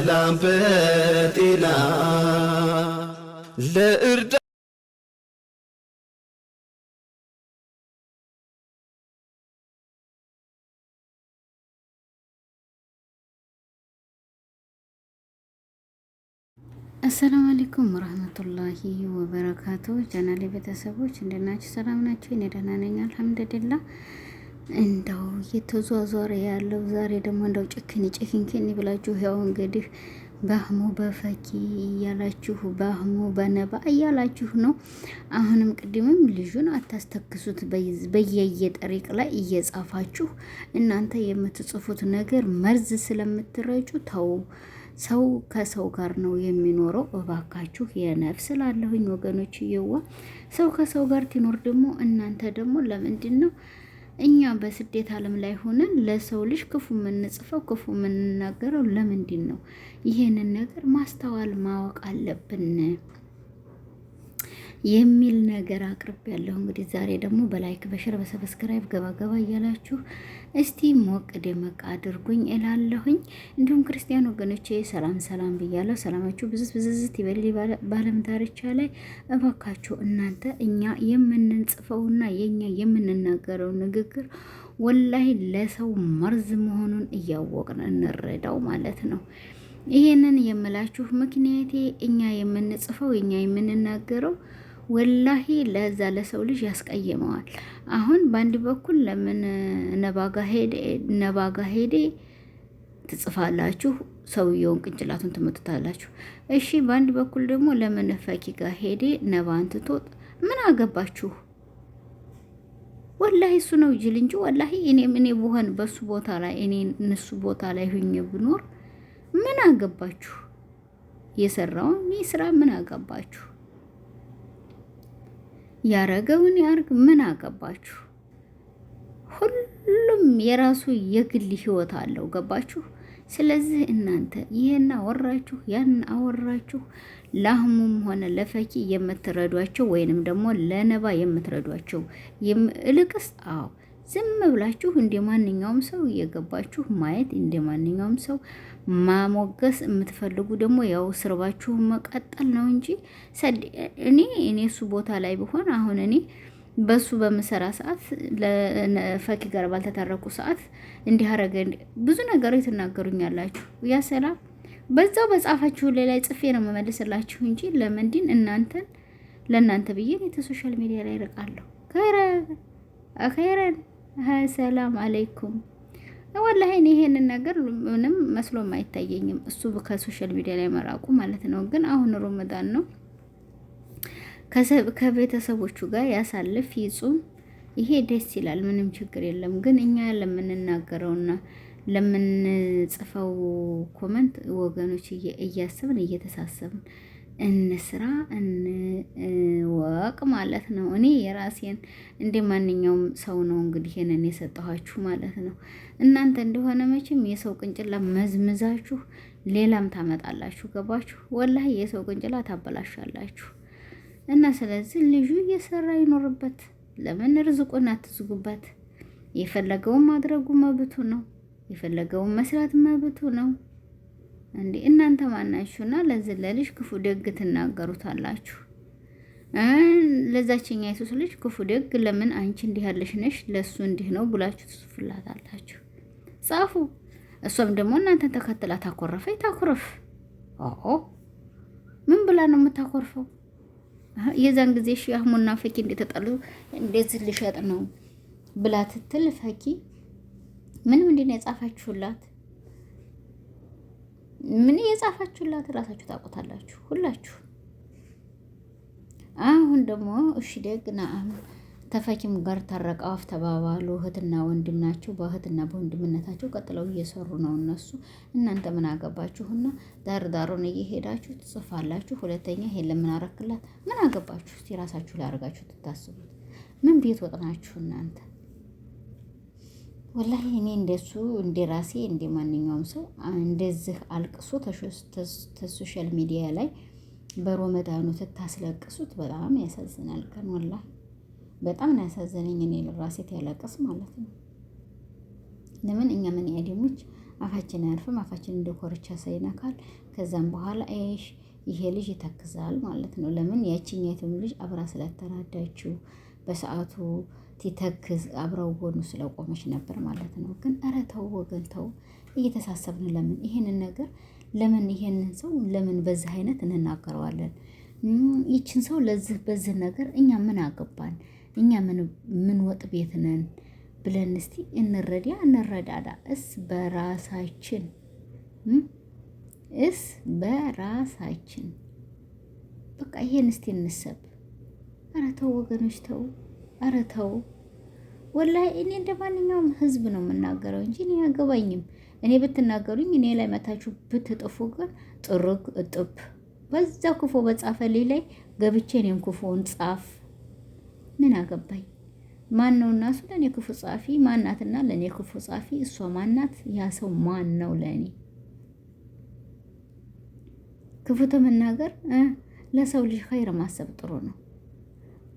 በሰላም በጤና ለእርዳ አሰላሙ አለይኩም ወረህመቱላሂ ወበረካቱ። ቻናሌ ቤተሰቦች እንደናችሁ ሰላም ናቸው እኔ ደህና ነኝ አልሐምዱሊላህ። እንደው እየተዟዟረ ያለው ዛሬ ደግሞ እንደው ጭክን ጭክንክን ብላችሁ ያው እንግዲህ ባህሙ በፈኪ እያላችሁ ባህሙ በነባ እያላችሁ ነው። አሁንም ቅድምም ልጁን አታስተክሱት። በየየጠሪቅ ላይ እየጻፋችሁ እናንተ የምትጽፉት ነገር መርዝ ስለምትረጩ ተው። ሰው ከሰው ጋር ነው የሚኖረው። እባካችሁ የነፍስ ላለሁኝ ወገኖች እየዋ ሰው ከሰው ጋር ትኖር ደግሞ እናንተ ደግሞ ለምንድን ነው እኛ በስደት ዓለም ላይ ሆነን ለሰው ልጅ ክፉ የምንጽፈው ክፉ የምንናገረው ለምንድን ነው? ይህንን ነገር ማስተዋል ማወቅ አለብን። የሚል ነገር አቅርብ ያለሁ እንግዲህ ዛሬ ደግሞ በላይክ በሸር በሰብስክራይብ ገባገባ እያላችሁ እስቲ ሞቅ ደመቅ አድርጉኝ እላለሁኝ። እንዲሁም ክርስቲያን ወገኖቼ ሰላም ሰላም ብያለሁ። ሰላማችሁ ብዝት ብዝዝት ይበል ባለም ዳርቻ ላይ። እባካችሁ እናንተ እኛ የምንጽፈውና የኛ የምንናገረው ንግግር ወላይ ለሰው መርዝ መሆኑን እያወቅን እንረዳው ማለት ነው። ይሄንን የምላችሁ ምክንያቴ እኛ የምንጽፈው እኛ የምንናገረው ወላሂ ለዛ ለሰው ልጅ ያስቀይመዋል። አሁን በአንድ በኩል ለምን ነባጋ ሄደ ነባጋ ሄዴ ትጽፋላችሁ፣ ሰውየውን ቅንጭላቱን ትመቱታላችሁ። እሺ በአንድ በኩል ደግሞ ለምን ፈኪ ሄዴ ሄደ ነባን ትቶ ምን አገባችሁ? ወላሂ እሱ ነው ጅል እንጂ ወላሂ እኔ እኔ ብሆን በሱ ቦታ ላይ እኔ እሱ ቦታ ላይ ሁኜ ብኖር ምን አገባችሁ? የሰራውን ይህ ስራ ምን አገባችሁ? ያረገውን ያርግ። ምን አገባችሁ? ሁሉም የራሱ የግል ህይወት አለው። ገባችሁ? ስለዚህ እናንተ ይሄን አወራችሁ ያን አወራችሁ ለአህሙም ሆነ ለፈኪ የምትረዷቸው ወይንም ደግሞ ለነባ የምትረዷቸው ይልቅስ አዎ ዝም ብላችሁ እንደ ማንኛውም ሰው እየገባችሁ ማየት፣ እንደ ማንኛውም ሰው ማሞገስ የምትፈልጉ ደግሞ ያው ስርባችሁ መቀጠል ነው እንጂ እኔ እኔ እሱ ቦታ ላይ ብሆን አሁን እኔ በሱ በምሰራ ሰዓት ለፈኪ ጋር ባልተታረቁ ሰዓት እንዲህ አረገ ብዙ ነገር ትናገሩኛላችሁ። ያ ሰላም በዛው በጻፋችሁ ላይ ላይ ጽፌ ነው መመልስላችሁ እንጂ ለምንድን እናንተን ለእናንተ ብዬ ሶሻል ሚዲያ ላይ ርቃለሁ። ከይረን ሰላም አለይኩም። ወላሂ እኔ ይሄንን ነገር ምንም መስሎም አይታየኝም፣ እሱ ከሶሻል ሚዲያ ላይ መራቁ ማለት ነው። ግን አሁን ሮመዳን ነው፣ ከቤተሰቦቹ ጋር ያሳልፍ ይጹም። ይሄ ደስ ይላል፣ ምንም ችግር የለም። ግን እኛ ለምንናገረውና ለምንጽፈው ኮመንት ወገኖች እያሰብን እየተሳሰብን እንስራ እንወቅ ማለት ነው። እኔ የራሴን እንደ ማንኛውም ሰው ነው እንግዲህ ይሄንን የሰጠኋችሁ ማለት ነው። እናንተ እንደሆነ መቼም የሰው ቅንጭላ መዝምዛችሁ ሌላም ታመጣላችሁ። ገባችሁ? ወላህ የሰው ቅንጭላ ታበላሻላችሁ። እና ስለዚህ ልጁ እየሰራ ይኖርበት። ለምን ርዝቁን አትዝጉበት? የፈለገውን ማድረጉ መብቱ ነው። የፈለገውን መስራት መብቱ ነው። እንዴ እናንተ ማናችሁና ለዚህ ለልጅ ክፉ ደግ ትናገሩታላችሁ? ለዛችኛ የሱስ ልጅ ክፉ ደግ ለምን አንቺ እንዲህ ያለሽ ነሽ ለሱ እንዲህ ነው ብላችሁ ትጽፉላታላችሁ። ጻፉ። እሷም ደግሞ እናንተን ተከትላ ታኮረፈ ታኮረፍ። ምን ብላ ነው የምታኮርፈው? የዛን ጊዜ እሺ አህሙና ፈኪ እንደተጣሉ እንደዚህ ልሸጥ ነው ብላ ትትል ፈኪ ምን ምንድን ነው የጻፋችሁላት? ምን የጻፋችሁላት እራሳችሁ ታውቁታላችሁ ሁላችሁ። አሁን ደግሞ እሺ ደግ ናአም ተፈኪም ጋር ታረቀው አፍ ተባባሉ። እህትና ወንድም ናቸው። በእህትና በወንድምነታቸው ቀጥለው እየሰሩ ነው እነሱ። እናንተ ምን አገባችሁና ዳር ዳሩን እየሄዳችሁ ትጽፋላችሁ። ሁለተኛ ይሄን ለምን አረክላት ምን አገባችሁ? የራሳችሁ ላደርጋችሁ ትታስቡት ምን ቤት ወጥናችሁ እናንተ ወላሂ እኔ እንደሱ እንደ ራሴ እንደ ማንኛውም ሰው እንደዚህ አልቅሶ ተሶሻል ሚዲያ ላይ በሮመዳኑ ትታስለቅሱት በጣም ያሳዝናል። ቀን ወላሂ በጣም ነው ያሳዘነኝ። እኔ ራሴ ያለቅስ ማለት ነው። ለምን እኛ ምን ያደሞች አፋችን አያርፍም። አፋችን እንደ ኮርቻ ሳይነካል። ከዛም በኋላ አይሽ ይሄ ልጅ ይተክዛል ማለት ነው። ለምን ያችኛቱም ልጅ አብራ ስለተናዳችው በሰዓቱ ቲተክ አብረው ጎኑ ስለቆመች ነበር ማለት ነው። ግን ኧረ ተው ወገን ተው፣ እየተሳሰብን ለምን ይሄንን ነገር ለምን ይሄንን ሰው ለምን በዚህ አይነት እንናገረዋለን? ይችን ሰው ለዚህ በዚህ ነገር እኛ ምን አገባን? እኛ ምን ወጥ ቤት ነን ብለን እስቲ እንረዳ እንረዳዳ። እስ በራሳችን እስ በራሳችን በቃ ይሄን እስቲ እንሰብ። ኧረ ተው ወገኖች ተው። ኧረ ተው ወላሂ እኔ እንደ ማንኛውም ህዝብ ነው የምናገረው እንጂ እኔ አገባኝም። እኔ ብትናገሩኝ እኔ ላይ መታችሁ ብትጥፉ ግን ጥርግ እጥብ በዛ ክፉ በጻፈልኝ ላይ ገብቼ እኔም ክፉውን ጻፍ ምን አገባኝ? ማን ነው እናሱ ለእኔ ክፉ ጻፊ ማናትና ለእኔ ክፉ ጻፊ እሷ ማናት? ያ ሰው ማን ነው ለእኔ ክፉ ተመናገር? ለሰው ልጅ ኸይር ማሰብ ጥሩ ነው።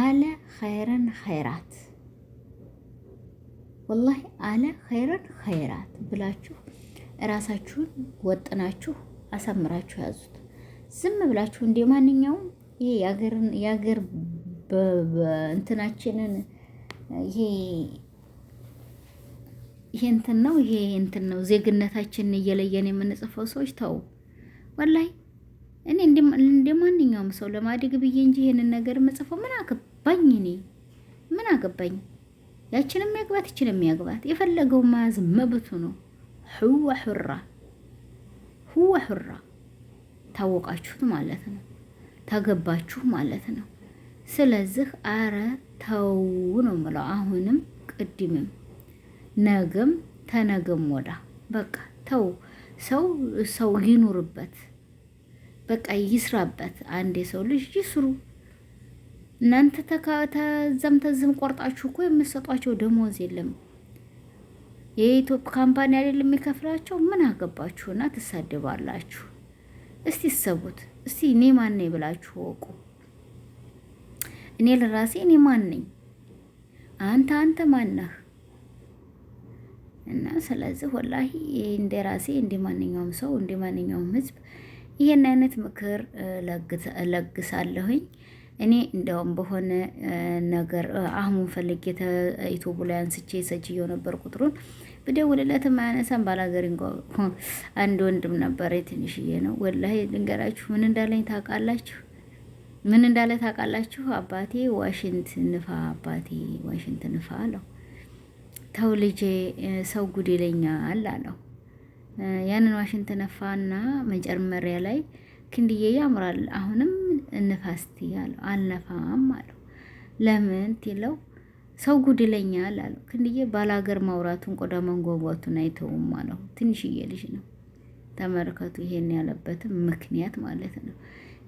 አለ ኸይረን ኸይራት ወላሂ አለ ኸይረን ኸይራት ብላችሁ እራሳችሁን ወጥናችሁ አሳምራችሁ ያዙት። ዝም ብላችሁ እንደ ማንኛውም ይሄ የአገር እንትናችንን ይሄ ይሄ እንትን ነው ይሄ እንትን ነው ዜግነታችንን እየለየን የምንጽፈው ሰዎች ተው ወላሂ እኔ እንደ ማንኛውም ሰው ለማደግ ብዬ እንጂ ይሄንን ነገር መጽፈው ምን አገባኝ? እኔ ምን አገባኝ? ያችን የሚያግባት ይችን የሚያግባት የፈለገው መያዝ መብቱ ነው። ህዋ ሁራ ህዋ ሁራ ታወቃችሁት ማለት ነው። ታገባችሁ ማለት ነው። ስለዚህ አረ ተው ነው የምለው። አሁንም ቅድምም ነገም ተነገም ወዳ በቃ ተው። ሰው ሰው ይኑርበት በቃ ይስራበት። አንድ የሰው ልጅ ይስሩ። እናንተ ተዛም ተዝም ቆርጣችሁ እኮ የምትሰጧቸው ደሞዝ የለም። የኢትዮጵያ ካምፓኒ አይደለም የሚከፍላቸው። ምን አገባችሁና ትሳደባላችሁ? እስቲ ሰቡት። እስቲ እኔ ማን ነኝ ብላችሁ ወቁ። እኔ ለራሴ እኔ ማን ነኝ? አንተ አንተ ማን ነህ? እና ስለዚህ ወላሂ እንደ ራሴ እንደ ማንኛውም ሰው እንደ ማንኛውም ህዝብ ይህን አይነት ምክር ለግሳለሁኝ። እኔ እንደውም በሆነ ነገር አህሙን ፈልግ ዩቱቡ ላይ አንስቼ ሰጅየው ነበር። ቁጥሩን ብደውልለት ማያነሳም ባላገር አንድ ወንድም ነበር ትንሽዬ ነው። ወላሂ ልንገራችሁ ምን እንዳለኝ ታውቃላችሁ? ምን እንዳለ ታውቃላችሁ? አባቴ ዋሽንት ንፋ፣ አባቴ ዋሽንት ንፋ አለው። ተው ልጄ፣ ሰው ጉድ ይለኛል አለው። ያንን ዋሽንት ነፋና መጨመሪያ ላይ ክንድዬ ያምራል፣ አሁንም እንፋስቲ ያለው አልነፋም አለው። ለምን ትለው ሰው ጉድ ይለኛል አለው። ክንድዬ ባላገር ማውራቱን ቆዳ መንጓጓቱን አይተውም አለው። ትንሽዬ ልጅ ነው። ተመልከቱ፣ ይሄን ያለበትም ምክንያት ማለት ነው።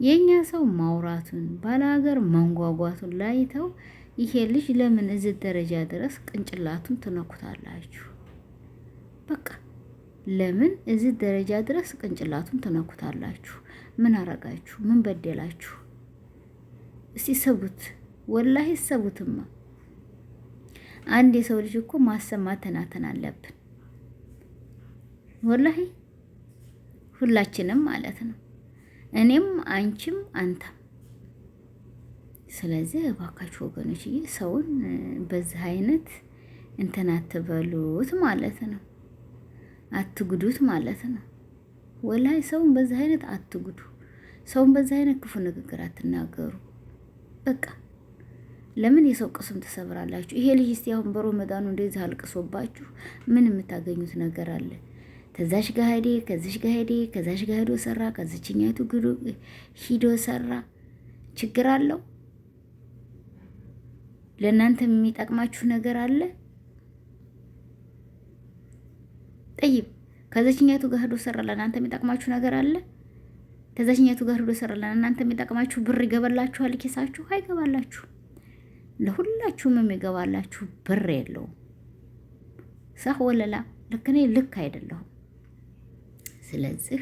የኛ ሰው ማውራቱን ባላገር መንጓጓቱን ላይተው፣ ይሄ ልጅ ለምን እዚህ ደረጃ ድረስ ቅንጭላቱን ትነኩታላችሁ? በቃ ለምን እዚህ ደረጃ ድረስ ቅንጭላቱን ትነኩታላችሁ? ምን አረጋችሁ? ምን በደላችሁ? እስቲ ሰቡት፣ ወላሂ ሰቡትማ። አንድ የሰው ልጅ እኮ ማሰብ ማተናተን አለብን፣ ወላሂ ሁላችንም ማለት ነው፣ እኔም አንቺም አንተም። ስለዚህ እባካችሁ ወገኖችዬ ሰውን በዚህ አይነት እንትን አትበሉት ማለት ነው። አትጉዱት ማለት ነው። ወላይ ሰውን በዚህ አይነት አትጉዱ። ሰውን በዚህ አይነት ክፉ ንግግር አትናገሩ። በቃ ለምን የሰው ቅስም ትሰብራላችሁ? ይሄ ልጅ እስቲ አሁን መዳኑ እንደዚህ አልቅሶባችሁ ምን የምታገኙት ነገር አለ? ከዛሽ ጋ ሄዴ ከዚሽ ጋ ሄዴ ከዛሽ ጋ ሄዶ ሰራ፣ ከዚችኛይቱ ሂዶ ሰራ። ችግር አለው? ለእናንተ የሚጠቅማችሁ ነገር አለ? ጠይብ ከዘችኛቱ ጋር ሄዶ ሰራላ እናንተ የሚጠቅማችሁ ነገር አለ። ከዘችኛቱ ጋር ሄዶ ሰራላ እናንተ የሚጠቅማችሁ ብር ይገባላችኋል፣ ኬሳችሁ አይገባላችሁ። ለሁላችሁም የሚገባላችሁ ብር የለውም። ሰህ ወለላ ልክ እኔ ልክ አይደለሁም። ስለዚህ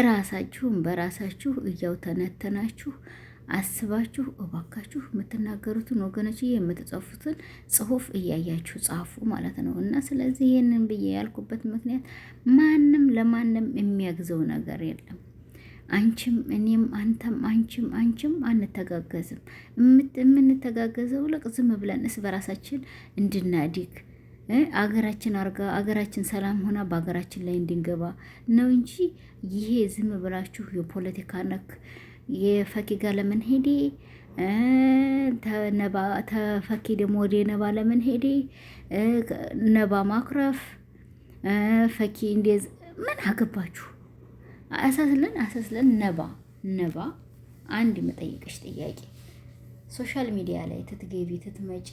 እራሳችሁም በራሳችሁ እያው ተነተናችሁ አስባችሁ እባካችሁ የምትናገሩትን ወገኖች የምትጽፉትን ጽሁፍ እያያችሁ ጻፉ ማለት ነው። እና ስለዚህ ይህንን ብዬ ያልኩበት ምክንያት ማንም ለማንም የሚያግዘው ነገር የለም። አንቺም እኔም አንተም አንቺም አንቺም አንተጋገዝም። የምንተጋገዘው ለቅ ዝም ብለን እስ በራሳችን እንድናዲግ አገራችን አርጋ አገራችን ሰላም ሆና በሀገራችን ላይ እንድንገባ ነው እንጂ ይሄ ዝም ብላችሁ የፖለቲካ ነክ የፈኪ ጋር ለምን ሄዴ ተፈኪ ደግሞ ወደ ነባ ለምን ሄዴ ነባ ማኩረፍ ፈኪ እንዴ ምን አገባችሁ? አሳስለን አሳስለን ነባ ነባ አንድ መጠየቅሽ ጥያቄ ሶሻል ሚዲያ ላይ ትትገቢ ትትመጪ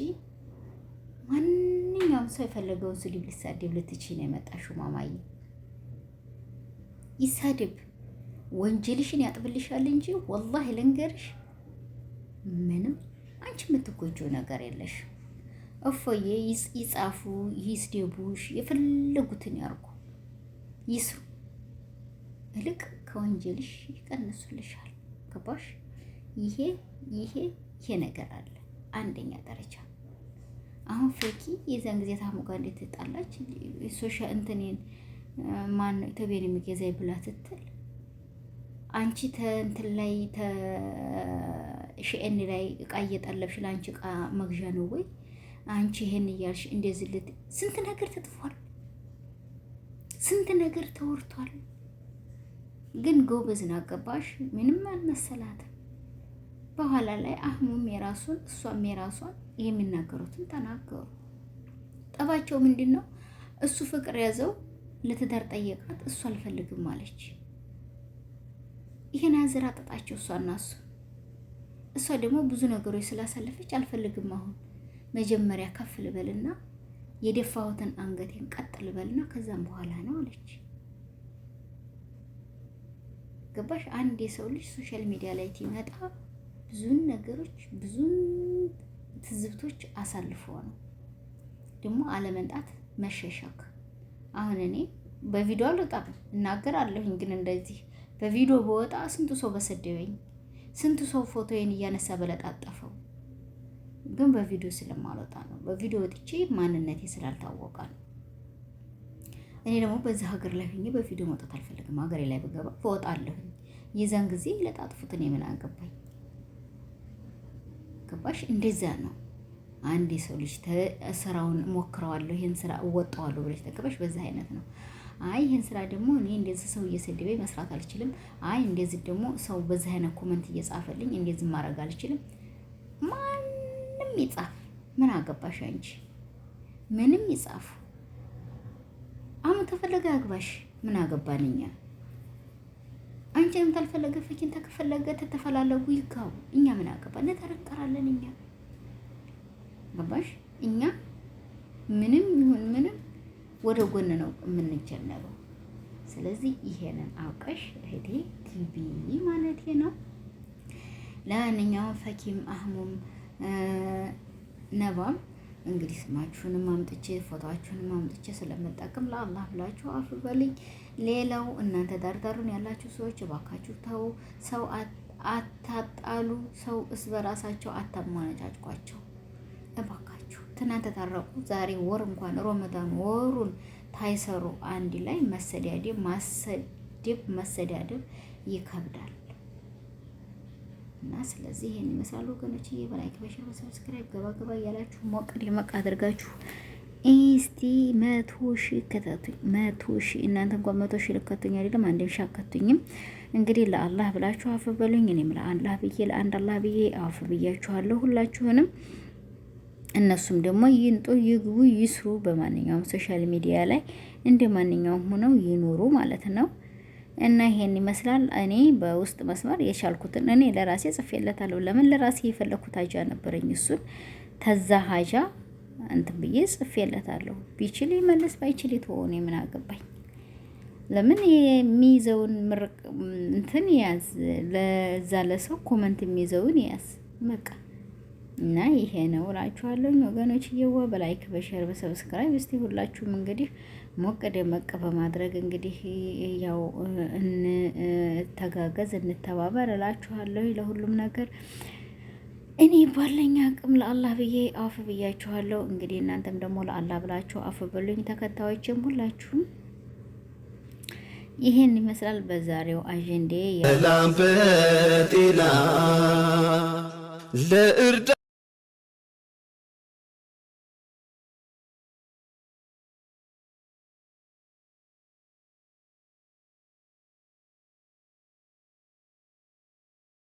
ማንኛውም ሰው የፈለገውን ስድብ ሊሳደብ ልትችይ ነው የመጣሽው። ማማዬ ይሳደብ ወንጀልሽን ያጥብልሻል እንጂ ወላሂ ልንገርሽ፣ ምንም አንቺ የምትጎጂው ነገር የለሽ። እፎዬ ይጻፉ ይስደቡሽ፣ የፈለጉትን ያርጉ ይስሩ፣ እልቅ ከወንጀልሽ ይቀንሱልሻል። ገባሽ? ይሄ ይሄ ይሄ ነገር አለ አንደኛ ደረጃ አሁን ፌኪ የዚያን ጊዜ ታሙ ጋር እንዴት ትጣላች? ሶሻ እንትኔን ማን ተቤን የሚገዛ ብላ ትትል አንቺ ተንትን ላይ ተሽኤን ላይ እቃ እየጠለብሽ ለአንቺ እቃ መግዣ ነው ወይ? አንቺ ይሄን እያልሽ እንደዚህ ልት ስንት ነገር ተጥፏል፣ ስንት ነገር ተወርቷል። ግን ጎበዝን አገባሽ ምንም አልመሰላትም። በኋላ ላይ አህሙም የራሱን እሷም የራሷን የሚናገሩትን ተናገሩ። ጠባቸው ምንድን ነው? እሱ ፍቅር ያዘው ለትዳር ጠየቃት፣ እሱ አልፈልግም አለች። ይሄን አዝር አጠጣቸው እሷ እና እሱ እሷ ደግሞ ብዙ ነገሮች ስላሳለፈች አልፈልግም። አሁን መጀመሪያ ከፍ ልበልና የደፋሁትን አንገቴን ቀጥ ልበልና ከዛም በኋላ ነው አለች። ገባሽ? አንድ የሰው ልጅ ሶሻል ሚዲያ ላይ ሲመጣ ብዙን ነገሮች ብዙን ትዝብቶች አሳልፎ ነው ደግሞ አለመንጣት መሸሸክ። አሁን እኔ በቪዲዮ አልወጣም፣ እናገራለሁኝ ግን እንደዚህ በቪዲዮ በወጣ ስንቱ ሰው በሰደበኝ፣ ስንቱ ሰው ፎቶዬን እያነሳ በለጣጠፈው። ግን በቪዲዮ ስለማልወጣ ነው። በቪዲዮ ወጥቼ ማንነቴ ስላልታወቀ ነው። እኔ ደግሞ በዚህ ሀገር ላይ ሆኜ በቪዲዮ መውጣት አልፈልግም። ሀገሬ ላይ ብገባ እወጣለሁኝ። የዛን ጊዜ ለጣጥፉት እኔ ምን አገባኝ? ገባሽ? እንደዛ ነው። አንድ የሰው ልጅ ስራውን ሞክረዋለሁ፣ ይህን ስራ እወጣዋለሁ ብለሽ ተገባሽ፣ በዛ አይነት ነው። አይ ይህን ስራ ደግሞ እኔ እንደዚህ ሰው እየሰደበ መስራት አልችልም። አይ እንደዚህ ደግሞ ሰው በዚህ አይነት ኮመንት እየጻፈልኝ እንደዚህ ማድረግ አልችልም። ማንም ይጻፍ ምን አገባሽ አንቺ? ምንም ይጻፍ፣ አሁን ተፈለገ አግባሽ ምን አገባን እኛ? አንቺንም ታልፈለገ ፈኪን ተከፈለገ ተተፈላለጉ ይጋቡ። እኛ ምን አገባን? እንጠረጠራለን እኛ ገባሽ? እኛ ምንም ይሁን ምንም ወደ ጎን ነው የምንጀነበው። ስለዚህ ይሄንን አውቀሽ እህቴ ቲቪ ማለት ነው። ለማንኛውም ፈኪም አህሙም ነባም እንግዲህ ስማችሁንም አምጥቼ ፎቶችሁንም አምጥቼ ስለምጠቅም ለአላህ ብላችሁ አፍ በልኝ። ሌላው እናንተ ዳርዳሩን ያላችሁ ሰዎች እባካችሁ ተው፣ ሰው አታጣሉ፣ ሰው እስ በራሳቸው አታሟነጫጭቋቸው ትናንት ተታረቁ፣ ዛሬ ወር እንኳን ሮመዳን ወሩን ታይሰሩ አንድ ላይ መሰዳደብ ማሰደብ መሰዳደብ ይከብዳል። እና ስለዚህ ይሄን ይመስላል ወገኖች። ይሄ በላይክ በሽር በሰብስክራይብ ገባ ገባ እያላችሁ ሞቅ ደመቅ አድርጋችሁ እስቲ መቶ ሺህ ከተቱኝ። መቶ ሺህ እናንተ እንኳን መቶ ሺህ ልከቱኝ አይደለም አንድም ሺህ አከቱኝም። እንግዲህ ለአላህ ብላችሁ አፍ በሉኝ። እኔም ለአላህ ብዬ ለአንድ አላህ ብዬ አፍ ብያችኋለሁ ሁላችሁንም እነሱም ደግሞ ይንጦ ይግቡ ይስሩ፣ በማንኛውም ሶሻል ሚዲያ ላይ እንደ ማንኛውም ሆነው ይኖሩ ማለት ነው። እና ይሄን ይመስላል። እኔ በውስጥ መስመር የቻልኩትን እኔ ለራሴ ጽፌለታለሁ። ለምን ለራሴ የፈለግኩት ሀጃ ነበረኝ። እሱን ተዛ ሀጃ እንትን ብዬ ጽፌለታለሁ። ቢችል ይመልስ፣ ባይችል የተሆነ ምን አገባኝ። ለምን የሚይዘውን ምርቅ እንትን ያዝ፣ ለዛ ለሰው ኮመንት የሚይዘውን ያዝ በቃ እና ይሄ ነው እላችኋለሁ ወገኖች እየዋ በላይክ በሼር በሰብስክራይብ እስቲ ሁላችሁም እንግዲህ ሞቅ ደመቅ በማድረግ እንግዲህ ያው እንተጋገዝ እንተባበር እላችኋለሁ። ለሁሉም ነገር እኔ ባለኝ አቅም ለአላህ ብዬ አፍ ብያችኋለሁ። እንግዲህ እናንተም ደግሞ ለአላህ ብላችሁ አፍ በሉኝ። ተከታዮችም ሁላችሁም ይህን ይመስላል በዛሬው አጀንዴ ለእርዳ